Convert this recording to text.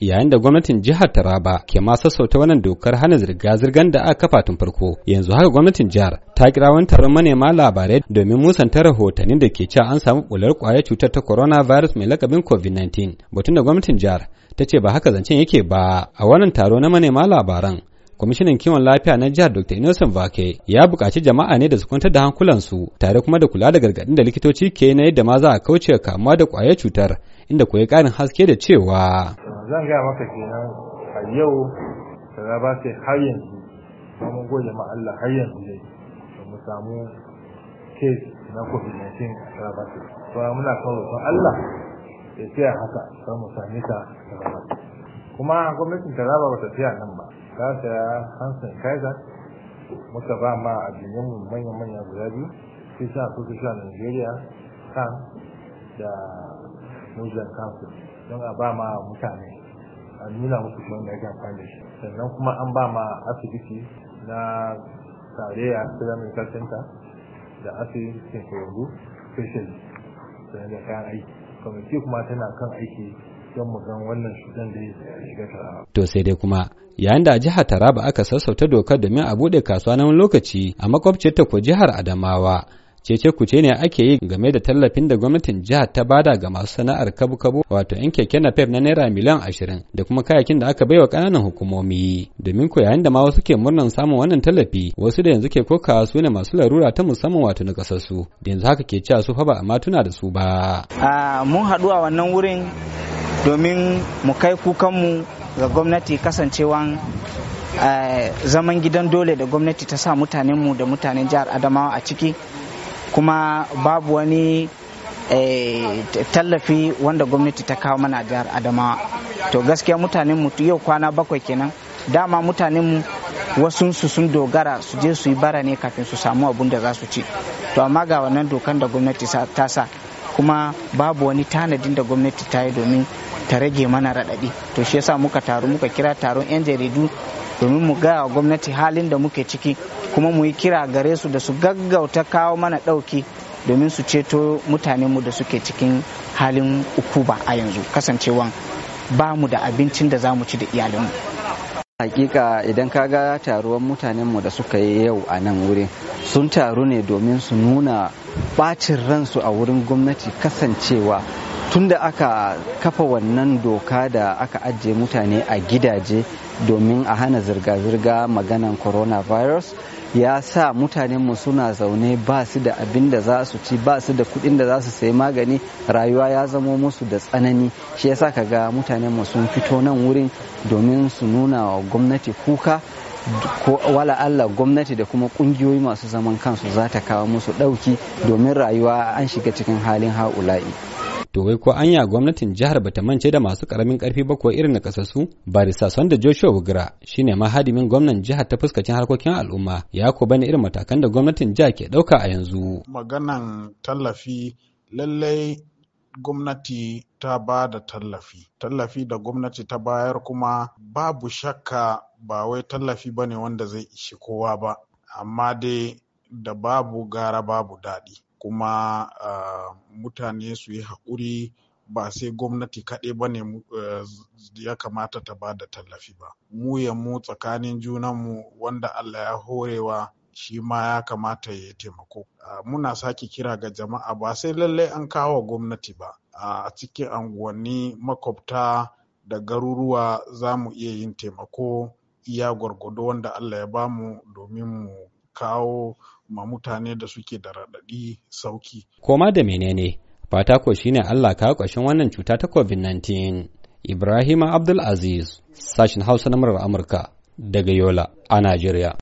yayin da gwamnatin jihar Taraba ke ma sassauta wannan dokar hana zirga-zirgar da aka kafa tun farko. Yanzu haka gwamnatin jihar ta kira wani taron manema labarai domin musanta rahotannin da ke cewa an samu bular kwayar cutar ta corona virus mai lakabin COVID-19. Batun da gwamnatin jihar ta ce ba haka zancen yake ba a wannan taro na manema labaran kwamishinan kiwon lafiya na jihar dr innocent vake ya buƙaci jama'a ne da su kwantar da hankulansu tare kuma da kula da gargaɗin da likitoci ke na yadda ma za a kauce kamuwa da ƙwayar cutar inda kuwa ƙarin haske da cewa zan gaya maka kenan a yau da ba sai har yanzu mun gode ma Allah har yanzu dai mu samu kes na covid-19 a rabata to muna kawo ko Allah ya tsaya haka don mu sami ta rabata kuma gwamnatin taraba ba ta tsaya nan ba ta saya hansan kaiser muka ba ma addininmu manya-manya sa biyu fisha fisha nigeria kan da muslim council don a ba ma mutane a nuna musu shi wanda ake amfani da shi sannan kuma an ba ma asibiti na tarayya Sudan Medical Center da asibitin Koyongo special sannan da kayan aiki kwamiti kuma tana kan aiki To sai dai kuma yayin da a jihar Taraba aka sassauta dokar domin a bude kasuwa na lokaci a ta ko jihar Adamawa. cece kuce ne ake yi game da tallafin da gwamnatin jihar ta bada ga masu sana'ar kabu-kabu wato yan keke na na naira miliyan ashirin da kuma kayakin da aka baiwa kananan hukumomi domin ko yayin da ma wasu ke murnan samun wannan tallafi wasu da yanzu ke kokawa su ne masu larura ta musamman wato na kasassu da yanzu haka ke cewa su fa ba a tuna da su ba. Ah, mun haɗu a wannan wurin domin mu kai kukanmu ga gwamnati kasancewan eh, zaman gidan dole da gwamnati ta sa mutanenmu da mutanen jihar adamawa a ciki kuma babu wani eh, tallafi wanda gwamnati ta kawo mana jihar adamawa to gaskiya mutanenmu yau kwana bakwai kenan dama mutanenmu wasunsu sun dogara su je su yi bara ne kafin su samu abun da za su ci to amma ga wannan dokan da gwamnati ta sa kuma babu wani tanadin da gwamnati ta yi domin ta rage mana raɗaɗi to shi yasa muka taru muka kira taron 'yan jaridu domin mu gaya wa gwamnati halin da muke ciki kuma mu yi kira gare su da su gaggauta kawo mana ɗauki domin su ceto mutanenmu da suke cikin halin ukuba a yanzu kasancewan ba mu da abincin da za mu ci da iyalinmu hakika idan ka ga taruwan mutanenmu da suka yi yau a nan wurin sun taru ne domin su nuna bacin ransu a wurin gwamnati kasancewa tunda aka kafa wannan doka da aka ajiye mutane a gidaje domin a hana zirga-zirga maganan coronavirus ya sa mutanenmu suna zaune ba su da abin da za su ci ba su da kuɗin da za su sayi magani rayuwa ya zamo musu da tsanani shi ya sa yasa mutanen mutanenmu sun fito nan wurin domin su nuna wa gwamnati kuka ko wala Allah gwamnati da kuma ƙungiyoyi masu zaman kansu za ta kawo musu ɗauki domin rayuwa an shiga cikin halin ha'ula'i. To ko anya gwamnatin jihar bata mance da masu karamin karfi ba ko irin nakasassu kasasu barisa da Joshua Bugra shine mahadimin gwamnan jihar ta fuskacin harkokin al'umma ya ko bane irin matakan da gwamnatin jihar ke dauka a yanzu. Maganan tallafi lallai gwamnati ta ba da tallafi. Tallafi da gwamnati ta bayar kuma babu shakka ba wai tallafi ba ne wanda zai ishi kowa ba amma dai da babu gara babu daɗi. kuma ah, mutane su yi haƙuri ba sai gwamnati kaɗai ba ne eh, ya kamata ta ba da tallafi ba. Mu ya mu tsakanin mu, wanda Allah ya horewa shi ma ya kamata ya taimako. Ah, muna sake kira ga jama'a ba sai lallai an kawo gwamnati ba. Ah, a cikin anguwanni makwabta da garuruwa za mu iya yin taimako iya gwargwado wanda Allah ya bamu domin mu kawo ma mutane da suke da raɗaɗi sauki. Koma da menene fata ko shine Allah kawo ƙarshen wannan cuta ta COVID-19. Ibrahim Abdulaziz, sashen Hausa na murar Amurka daga Yola a Najeriya.